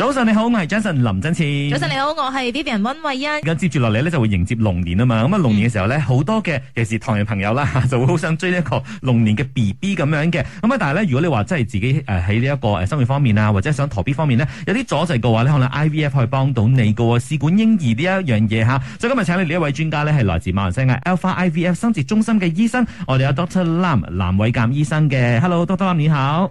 早晨，你好，我係 Jason 林振詞。早晨，你好，我係 Vivian 溫慧欣。咁接住落嚟咧，就會迎接龍年啊嘛。咁啊，龍年嘅時候咧，好、嗯、多嘅，尤其是唐人朋友啦，就會好想追呢一個龍年嘅 B B 咁樣嘅。咁啊，但係咧，如果你話真係自己誒喺呢一個誒生活方面啊，或者想逃避方面咧，有啲阻滯嘅話咧，可能 I V F 可以幫到你噶。試管嬰兒呢一樣嘢吓，所以今日請你呢一位專家咧，係來自馬來西亞 Alpha I V F 生殖中心嘅醫生，我哋有 Doctor Lam 藍偉監醫生嘅。Hello，Doctor Lam 你好。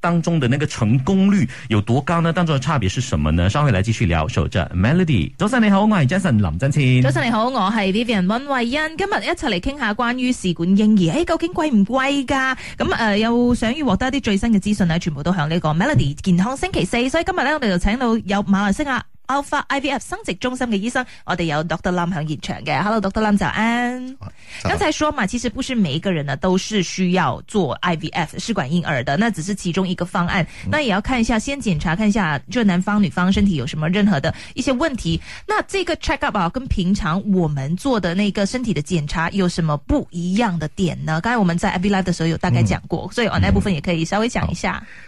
當中的那個成功率有多高呢？當中的差別是什麼呢？稍後來繼續聊，守着 Melody。早晨你好，我係 Jason 林振清。早晨你好，我係 Vivian 温慧欣。今日一齊嚟傾下關於試管嬰兒，誒，究竟貴唔貴噶？咁誒、呃，又想要獲得一啲最新嘅資訊呢，全部都向呢個 Melody 健康星期四。所以今日咧，我哋就請到有馬來西亞。Alpha IVF 生殖中心嘅醫生，我哋有 Dr. Lam 藍偉監現場嘅。Hello，Dr. Lam，早安，早，安早安。剛才說嘛，其實不是每一個人呢，都是需要做 IVF 試管嬰兒的，那只是其中一個方案。嗯、那也要看一下，先檢查，看一下，就男方女方身體有什麼任何的一些問題。那這個 check up 啊，跟平常我們做的那個身體的檢查有什麼不一樣的點呢？剛才我們在 IV Live 的時候有大概講過，嗯、所以啊、哦，那部分也可以稍微講一下。嗯嗯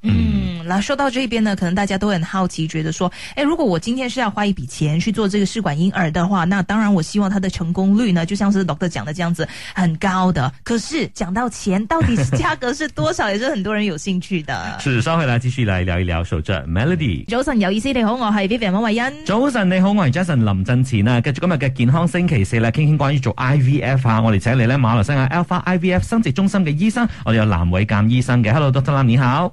Mm. 嗯，那，說到這邊呢，可能大家都很好奇，覺得說，誒、欸，如果我今天是要花一筆錢去做這個試管嬰兒的話，那當然我希望它的成功率呢，就像是 doctor 講的這樣子，很高的。可是講到錢，到底是價格是多少， 也是很多人有興趣的。是， 稍後來繼續來聊一聊，首先 melody，早晨有意思，你好，我係 vivian 溫慧欣。早晨你好，我係 jason 林振前啊，繼續今日嘅健康星期四啦，傾傾關於做 IVF 啊，我哋請嚟呢馬來西亞 Alpha IVF 生殖中心嘅醫生，我哋有藍偉監醫生嘅，hello，doctor 你好。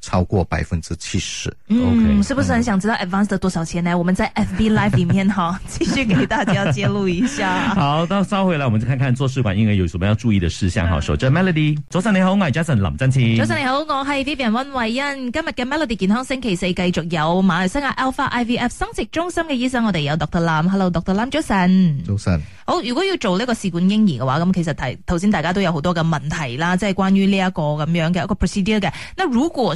超過百分之七十，OK，嗯，是不是很想知道 advanced 多少錢呢？我們在 FB Live 裏面哈，繼 續給大家揭露一下。 好，到稍後嚟，我們就看看做試管嬰兒有什麼要注意的事項。好、嗯，首先 Melody，早晨你好，我係 Jason 林振清。早晨你好，我係 Vivian 溫慧欣。今日嘅 Melody 健康星期四繼續有馬來西亞 Alpha IVF 生殖中心嘅醫生，我哋有 Doctor 藍，Hello Doctor 藍，早晨。早晨。好，如果要做呢個試管嬰兒嘅話，咁其實提頭先大家都有好多嘅問題啦，即係關於呢一個咁樣嘅一、那個 procedure 嘅。那如果，